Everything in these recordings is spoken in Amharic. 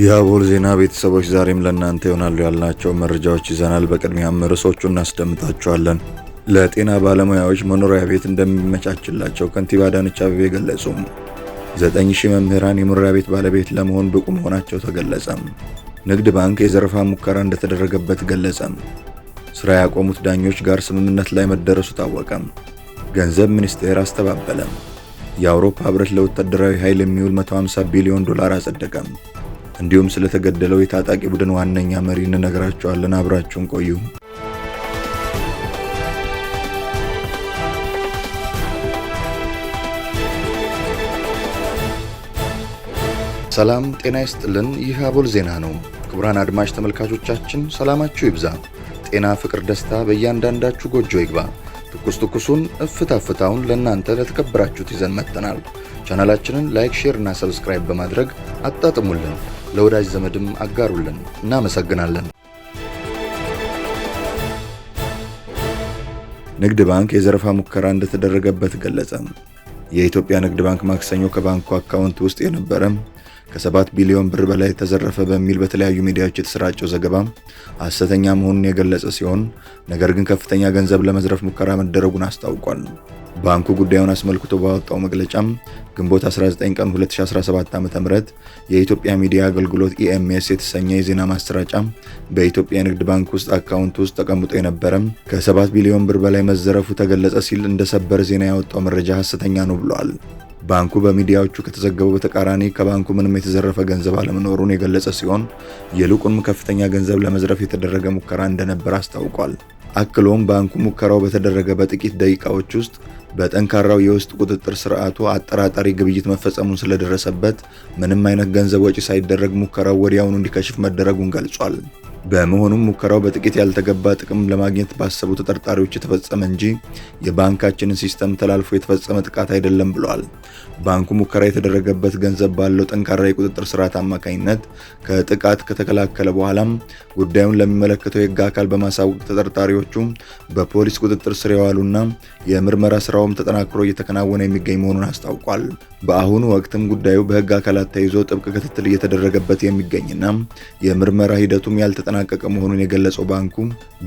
የአቦል ዜና ቤተሰቦች ዛሬም ለእናንተ ይሆናሉ ያልናቸው መረጃዎች ይዘናል። በቅድሚያም ርዕሶቹ እናስደምጣቸዋለን። ለጤና ባለሙያዎች መኖሪያ ቤት እንደሚመቻችላቸው ከንቲባ አዳነች አቤቤ ገለጹ። ዘጠኝ ሺህ መምህራን የመኖሪያ ቤት ባለቤት ለመሆን ብቁ መሆናቸው ተገለጸም ንግድ ባንክ የዘረፋ ሙከራ እንደተደረገበት ገለጸም። ስራ ያቆሙት ዳኞች ጋር ስምምነት ላይ መደረሱ ታወቀም። ገንዘብ ሚኒስቴር አስተባበለም። የአውሮፓ ህብረት ለወታደራዊ ኃይል የሚውል 150 ቢሊዮን ዶላር አጸደቀም። እንዲሁም ስለተገደለው የታጣቂ ቡድን ዋነኛ መሪ እንነግራችኋለን። አብራችሁን ቆዩ። ሰላም ጤና ይስጥልን። ይህ አቦል ዜና ነው። ክቡራን አድማጭ ተመልካቾቻችን ሰላማችሁ ይብዛ፣ ጤና፣ ፍቅር፣ ደስታ በእያንዳንዳችሁ ጎጆ ይግባ። ትኩስ ትኩሱን እፍታ ፍታውን ለእናንተ ለተከበራችሁት ይዘን መጥተናል። ቻናላችንን ላይክ፣ ሼር እና ሰብስክራይብ በማድረግ አጣጥሙልን ለወዳጅ ዘመድም አጋሩልን። እናመሰግናለን። ንግድ ባንክ የዘረፋ ሙከራ እንደተደረገበት ገለጸ። የኢትዮጵያ ንግድ ባንክ ማክሰኞ ከባንኩ አካውንት ውስጥ የነበረ ከ7 ቢሊዮን ብር በላይ ተዘረፈ በሚል በተለያዩ ሚዲያዎች የተሰራጨው ዘገባ ሐሰተኛ መሆኑን የገለጸ ሲሆን ነገር ግን ከፍተኛ ገንዘብ ለመዝረፍ ሙከራ መደረጉን አስታውቋል። ባንኩ ጉዳዩን አስመልክቶ ባወጣው መግለጫም ግንቦት 19 ቀን 2017 ዓ.ም የኢትዮጵያ ሚዲያ አገልግሎት ኢኤምኤስ e የተሰኘ የዜና ማሰራጫ በኢትዮጵያ ንግድ ባንክ ውስጥ አካውንት ውስጥ ተቀምጦ የነበረ ከ7 ቢሊዮን ብር በላይ መዘረፉ ተገለጸ ሲል እንደ ሰበር ዜና ያወጣው መረጃ ሐሰተኛ ነው ብሏል። ባንኩ በሚዲያዎቹ ከተዘገበው በተቃራኒ ከባንኩ ምንም የተዘረፈ ገንዘብ አለመኖሩን የገለጸ ሲሆን ይልቁንም ከፍተኛ ገንዘብ ለመዝረፍ የተደረገ ሙከራ እንደነበር አስታውቋል። አክሎም ባንኩ ሙከራው በተደረገ በጥቂት ደቂቃዎች ውስጥ በጠንካራው የውስጥ ቁጥጥር ስርዓቱ አጠራጣሪ ግብይት መፈጸሙን ስለደረሰበት ምንም አይነት ገንዘብ ወጪ ሳይደረግ ሙከራው ወዲያውኑ እንዲከሽፍ መደረጉን ገልጿል። በመሆኑም ሙከራው በጥቂት ያልተገባ ጥቅም ለማግኘት ባሰቡ ተጠርጣሪዎች የተፈጸመ እንጂ የባንካችንን ሲስተም ተላልፎ የተፈጸመ ጥቃት አይደለም ብለዋል። ባንኩ ሙከራ የተደረገበት ገንዘብ ባለው ጠንካራ የቁጥጥር ስርዓት አማካኝነት ከጥቃት ከተከላከለ በኋላም ጉዳዩን ለሚመለከተው የህግ አካል በማሳወቅ ተጠርጣሪዎቹ በፖሊስ ቁጥጥር ስር የዋሉና የምርመራ ስራውም ተጠናክሮ እየተከናወነ የሚገኝ መሆኑን አስታውቋል። በአሁኑ ወቅትም ጉዳዩ በህግ አካላት ተይዞ ጥብቅ ክትትል እየተደረገበት የሚገኝና የምርመራ ሂደቱም ያልተጠ እየተጠናቀቀ መሆኑን የገለጸው ባንኩ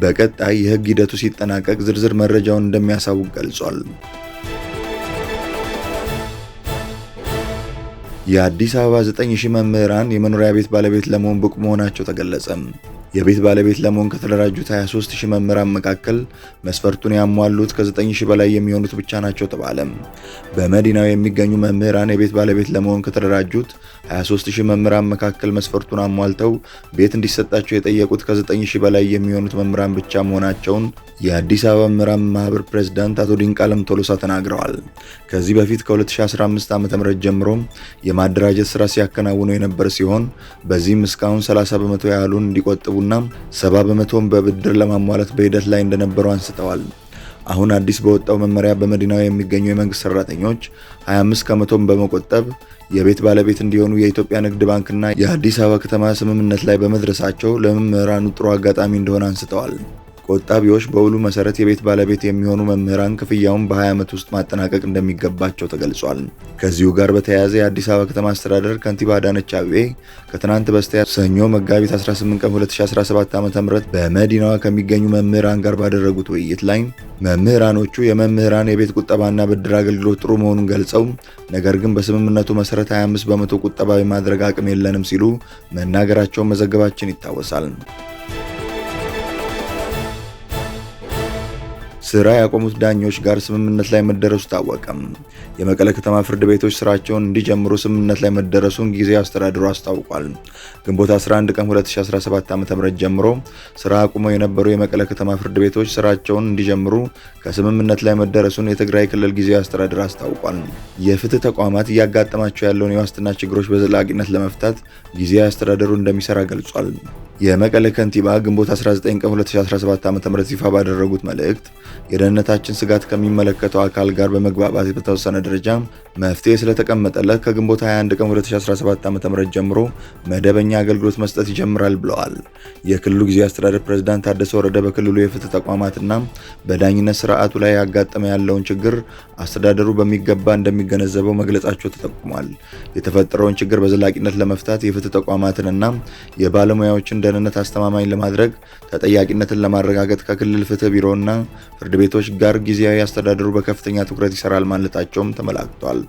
በቀጣይ የህግ ሂደቱ ሲጠናቀቅ ዝርዝር መረጃውን እንደሚያሳውቅ ገልጿል። የአዲስ አበባ 9000 መምህራን የመኖሪያ ቤት ባለቤት ለመሆን ብቁ መሆናቸው ተገለጸም። የቤት ባለቤት ለመሆን ከተደራጁት 23 ሺህ መምህራን መካከል መስፈርቱን ያሟሉት ከ9 ሺህ በላይ የሚሆኑት ብቻ ናቸው ተባለም። በመዲናው የሚገኙ መምህራን የቤት ባለቤት ለመሆን ከተደራጁት 23 ሺህ መምህራን መካከል መስፈርቱን አሟልተው ቤት እንዲሰጣቸው የጠየቁት ከ9 ሺህ በላይ የሚሆኑት መምህራን ብቻ መሆናቸውን የአዲስ አበባ መምህራን ማህበር ፕሬዝዳንት አቶ ዲንቃለም ቶሎሳ ተናግረዋል። ከዚህ በፊት ከ2015 ዓ ም ጀምሮ የማደራጀት ስራ ሲያከናውኑ የነበር ሲሆን በዚህም እስካሁን 30 በመቶ ያህሉን እንዲቆጥቡ እንደነበሩና 70 በመቶን በብድር ለማሟላት በሂደት ላይ እንደነበሩ አንስተዋል። አሁን አዲስ በወጣው መመሪያ በመዲናው የሚገኙ የመንግስት ሰራተኞች 25 ከመቶን በመቆጠብ የቤት ባለቤት እንዲሆኑ የኢትዮጵያ ንግድ ባንክና የአዲስ አበባ ከተማ ስምምነት ላይ በመድረሳቸው ለመምህራኑ ጥሩ አጋጣሚ እንደሆነ አንስተዋል። ቆጣቢዎች በውሉ መሰረት የቤት ባለቤት የሚሆኑ መምህራን ክፍያውን በ20 ዓመት ውስጥ ማጠናቀቅ እንደሚገባቸው ተገልጿል። ከዚሁ ጋር በተያያዘ የአዲስ አበባ ከተማ አስተዳደር ከንቲባ አዳነች አቤቤ ከትናንት በስቲያ ሰኞ መጋቢት 18 ቀን 2017 ዓ ም በመዲናዋ ከሚገኙ መምህራን ጋር ባደረጉት ውይይት ላይ መምህራኖቹ የመምህራን የቤት ቁጠባና ብድር አገልግሎት ጥሩ መሆኑን ገልጸው ነገር ግን በስምምነቱ መሰረት 25 በመቶ ቁጠባ የማድረግ አቅም የለንም ሲሉ መናገራቸውን መዘገባችን ይታወሳል። ስራ ያቆሙት ዳኞች ጋር ስምምነት ላይ መደረሱ ታወቀም። የመቀለ ከተማ ፍርድ ቤቶች ስራቸውን እንዲጀምሩ ስምምነት ላይ መደረሱን ጊዜ አስተዳደሩ አስታውቋል። ግንቦት 11 ቀን 2017 ዓ.ም ጀምሮ ስራ አቁመው የነበሩ የመቀለ ከተማ ፍርድ ቤቶች ስራቸውን እንዲጀምሩ ከስምምነት ላይ መደረሱን የትግራይ ክልል ጊዜ አስተዳደር አስታውቋል። የፍትህ ተቋማት እያጋጠማቸው ያለውን የዋስትና ችግሮች በዘላቂነት ለመፍታት ጊዜ አስተዳደሩ እንደሚሰራ ገልጿል። የመቀለ ከንቲባ ግንቦት 19 ቀን 2017 ዓ.ም ይፋ ባደረጉት መልእክት የደህንነታችን ስጋት ከሚመለከተው አካል ጋር በመግባባት በተወሰነ ደረጃ መፍትሄ ስለተቀመጠለት ከግንቦት 21 ቀን 2017 ዓ.ም ጀምሮ መደበኛ አገልግሎት መስጠት ይጀምራል ብለዋል። የክልሉ ጊዜያዊ አስተዳደር ፕሬዝዳንት ታደሰ ወረደ በክልሉ የፍትህ ተቋማትና በዳኝነት ስርዓቱ ላይ ያጋጠመ ያለውን ችግር አስተዳደሩ በሚገባ እንደሚገነዘበው መግለጻቸው ተጠቁሟል። የተፈጠረውን ችግር በዘላቂነት ለመፍታት የፍትህ ተቋማትንና የባለሙያዎችን ደህንነት አስተማማኝ ለማድረግ ተጠያቂነትን ለማረጋገጥ ከክልል ፍትህ ቢሮና ፍርድ ቤቶች ጋር ጊዜያዊ አስተዳደሩ በከፍተኛ ትኩረት ይሰራል ማለታቸውም ተመላክቷል።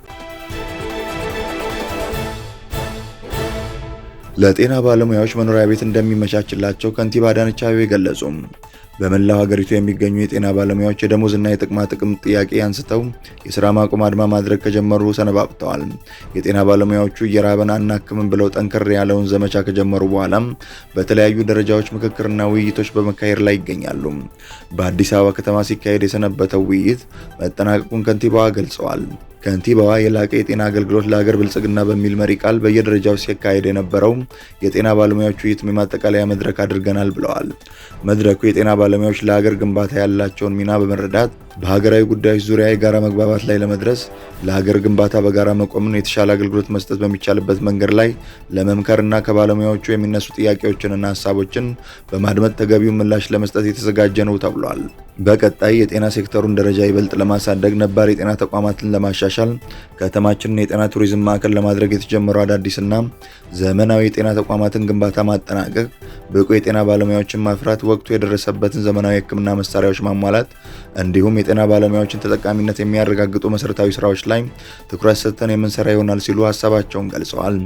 ለጤና ባለሙያዎች መኖሪያ ቤት እንደሚመቻችላቸው ከንቲባ አዳነች አቤቤ ገለጹም። በመላው ሀገሪቱ የሚገኙ የጤና ባለሙያዎች እና የጥቅማ ጥቅም ጥያቄ አንስተው የስራ ማቆም አድማ ማድረግ ከጀመሩ ሰነባብተዋል። የጤና ባለሙያዎቹ እየራበን አናክምም ብለው ጠንከር ያለውን ዘመቻ ከጀመሩ በኋላም በተለያዩ ደረጃዎች ምክክርና ውይይቶች በመካሄድ ላይ ይገኛሉ። በአዲስ አበባ ከተማ ሲካሄድ የሰነበተው ውይይት መጠናቀቁን ከንቲባዋ ገልጸዋል። ከንቲባዋ የላቀ የጤና አገልግሎት ለሀገር ብልጽግና በሚል መሪ ቃል በየደረጃው ሲካሄድ የነበረው የጤና ባለሙያዎች ውይይት የማጠቃለያ መድረክ አድርገናል ብለዋል። መድረኩ የጤና ባለሙያዎች ለሀገር ግንባታ ያላቸውን ሚና በመረዳት በሀገራዊ ጉዳዮች ዙሪያ የጋራ መግባባት ላይ ለመድረስ ለሀገር ግንባታ በጋራ መቆምን የተሻለ አገልግሎት መስጠት በሚቻልበት መንገድ ላይ ለመምከርና ከባለሙያዎቹ የሚነሱ ጥያቄዎችንና ሀሳቦችን በማድመጥ ተገቢውን ምላሽ ለመስጠት የተዘጋጀ ነው ተብሏል። በቀጣይ የጤና ሴክተሩን ደረጃ ይበልጥ ለማሳደግ ነባር የጤና ተቋማትን ለማሻሻል ይሻሻል። ከተማችንን የጤና ቱሪዝም ማዕከል ለማድረግ የተጀመረው አዳዲስና ዘመናዊ የጤና ተቋማትን ግንባታ ማጠናቀቅ፣ ብቁ የጤና ባለሙያዎችን ማፍራት፣ ወቅቱ የደረሰበትን ዘመናዊ የሕክምና መሳሪያዎች ማሟላት እንዲሁም የጤና ባለሙያዎችን ተጠቃሚነት የሚያረጋግጡ መሰረታዊ ስራዎች ላይ ትኩረት ሰጥተን የምንሰራ ይሆናል ሲሉ ሀሳባቸውን ገልጸዋል።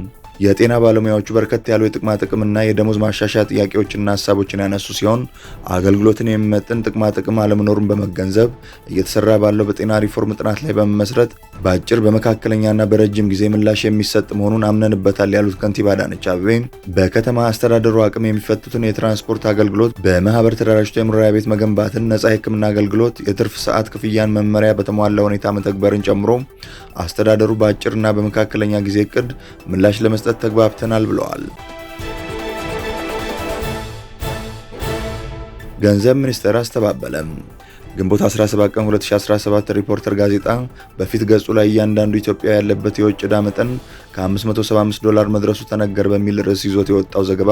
የጤና ባለሙያዎቹ በርከት ያሉ የጥቅማ ጥቅምና የደሞዝ ማሻሻያ ጥያቄዎችና ሀሳቦችን ያነሱ ሲሆን አገልግሎትን የሚመጥን ጥቅማ ጥቅም አለመኖሩን በመገንዘብ እየተሰራ ባለው በጤና ሪፎርም ጥናት ላይ በመመስረት በአጭር በመካከለኛና በረጅም ጊዜ ምላሽ የሚሰጥ መሆኑን አምነንበታል ያሉት ከንቲባ አዳነች አቤቤ በከተማ አስተዳደሩ አቅም የሚፈቱትን የትራንስፖርት አገልግሎት በማህበር ተደራጅቶ የመኖሪያ ቤት መገንባትን፣ ነጻ ህክምና አገልግሎት፣ የትርፍ ሰዓት ክፍያን መመሪያ በተሟላ ሁኔታ መተግበርን ጨምሮ አስተዳደሩ በአጭርና በመካከለኛ ጊዜ እቅድ ምላሽ ለመስጠት ተግባብተናል ብለዋል። ገንዘብ ሚኒስቴር አስተባበለም። ግንቦት 17 ቀን 2017 ሪፖርተር ጋዜጣ በፊት ገጹ ላይ እያንዳንዱ ኢትዮጵያ ያለበት የውጭ ዕዳ መጠን ከ575 ዶላር መድረሱ ተነገር በሚል ርዕስ ይዞት የወጣው ዘገባ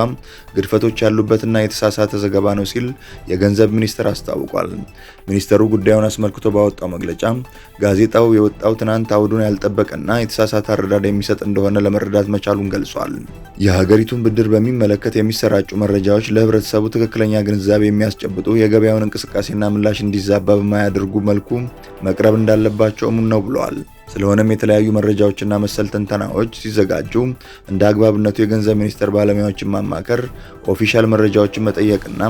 ግድፈቶች ያሉበትና የተሳሳተ ዘገባ ነው ሲል የገንዘብ ሚኒስቴር አስታውቋል። ሚኒስቴሩ ጉዳዩን አስመልክቶ ባወጣው መግለጫ ጋዜጣው የወጣው ትናንት አውዱን ያልጠበቀና የተሳሳተ አረዳድ የሚሰጥ እንደሆነ ለመረዳት መቻሉን ገልጿል። የሀገሪቱን ብድር በሚመለከት የሚሰራጩ መረጃዎች ለህብረተሰቡ ትክክለኛ ግንዛቤ የሚያስጨብጡ የገበያውን እንቅስቃሴና ምላሽ እንዲዘ እንዲዛባ በማያደርጉ መልኩ መቅረብ እንዳለባቸው እሙን ነው ብለዋል። ስለሆነም የተለያዩ መረጃዎችና መሰል ትንተናዎች ሲዘጋጁ እንደ አግባብነቱ የገንዘብ ሚኒስቴር ባለሙያዎችን ማማከር፣ ኦፊሻል መረጃዎችን መጠየቅና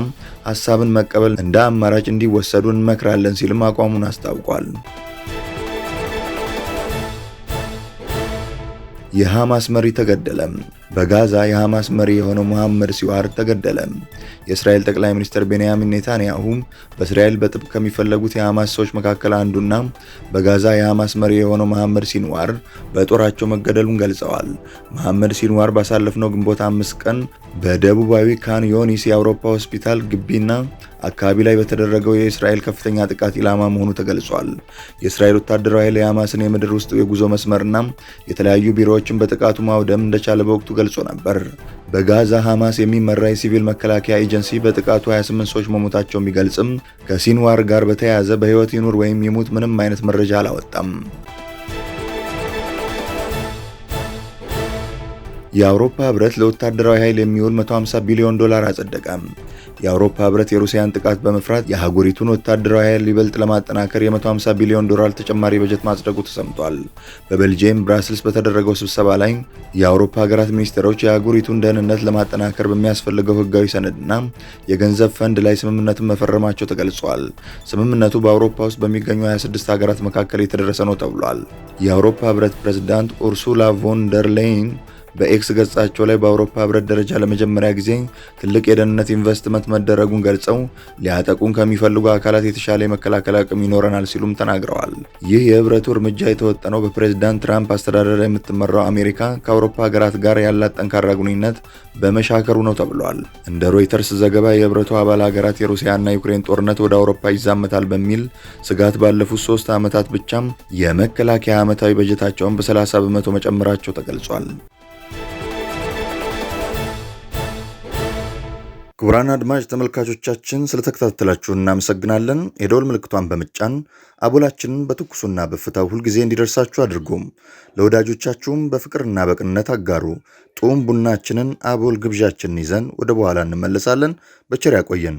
ሀሳብን መቀበል እንደ አማራጭ እንዲወሰዱ እንመክራለን ሲልም አቋሙን አስታውቋል። የሐማስ መሪ ተገደለም። በጋዛ የሐማስ መሪ የሆነው መሐመድ ሲዋር ተገደለ። የእስራኤል ጠቅላይ ሚኒስትር ቤንያሚን ኔታንያሁ በእስራኤል በጥብቅ ከሚፈለጉት የሐማስ ሰዎች መካከል አንዱና በጋዛ የሐማስ መሪ የሆነው መሐመድ ሲንዋር በጦራቸው መገደሉን ገልጸዋል። መሐመድ ሲንዋር ባሳለፍነው ግንቦት አምስት ቀን በደቡባዊ ካን ዮኒስ የአውሮፓ ሆስፒታል ግቢና አካባቢ ላይ በተደረገው የእስራኤል ከፍተኛ ጥቃት ኢላማ መሆኑ ተገልጿል። የእስራኤል ወታደራዊ ኃይል የሐማስን የምድር ውስጥ የጉዞ መስመርና የተለያዩ ቢሮዎችን በጥቃቱ ማውደም እንደቻለ በወቅቱ ገልጾ ነበር። በጋዛ ሐማስ የሚመራ የሲቪል መከላከያ ኤጀንሲ በጥቃቱ 28 ሰዎች መሞታቸውን ቢገልጽም ከሲንዋር ጋር በተያያዘ በሕይወት ይኑር ወይም ይሙት ምንም አይነት መረጃ አላወጣም። የአውሮፓ ህብረት ለወታደራዊ ኃይል የሚውል 150 ቢሊዮን ዶላር አጸደቀ። የአውሮፓ ህብረት የሩሲያን ጥቃት በመፍራት የአህጉሪቱን ወታደራዊ ኃይል ሊበልጥ ለማጠናከር የ150 ቢሊዮን ዶላር ተጨማሪ በጀት ማጽደቁ ተሰምቷል። በቤልጅየም ብራስልስ በተደረገው ስብሰባ ላይ የአውሮፓ ሀገራት ሚኒስትሮች የአህጉሪቱን ደህንነት ለማጠናከር በሚያስፈልገው ህጋዊ ሰነድና የገንዘብ ፈንድ ላይ ስምምነትን መፈረማቸው ተገልጿል። ስምምነቱ በአውሮፓ ውስጥ በሚገኙ 26 ሀገራት መካከል የተደረሰ ነው ተብሏል። የአውሮፓ ህብረት ፕሬዝዳንት ኡርሱላ ቮን ደር ሌይን በኤክስ ገጻቸው ላይ በአውሮፓ ህብረት ደረጃ ለመጀመሪያ ጊዜ ትልቅ የደህንነት ኢንቨስትመንት መደረጉን ገልጸው ሊያጠቁን ከሚፈልጉ አካላት የተሻለ የመከላከል አቅም ይኖረናል ሲሉም ተናግረዋል። ይህ የህብረቱ እርምጃ የተወጠነው በፕሬዝዳንት ትራምፕ አስተዳደር የምትመራው አሜሪካ ከአውሮፓ ሀገራት ጋር ያላት ጠንካራ ግንኙነት በመሻከሩ ነው ተብሏል። እንደ ሮይተርስ ዘገባ የህብረቱ አባል ሀገራት የሩሲያና ዩክሬን ጦርነት ወደ አውሮፓ ይዛመታል በሚል ስጋት ባለፉት ሶስት ዓመታት ብቻም የመከላከያ ዓመታዊ በጀታቸውን በ30 በመቶ መጨመራቸው ተገልጿል። ክቡራን አድማጭ ተመልካቾቻችን ስለተከታተላችሁ እናመሰግናለን። የደወል ምልክቷን በመጫን አቦላችንን በትኩሱና በእፍታው ሁልጊዜ እንዲደርሳችሁ አድርጎም ለወዳጆቻችሁም በፍቅርና በቅንነት አጋሩ። ጡም ቡናችንን አቦል ግብዣችንን ይዘን ወደ በኋላ እንመለሳለን። በቸር ያቆየን።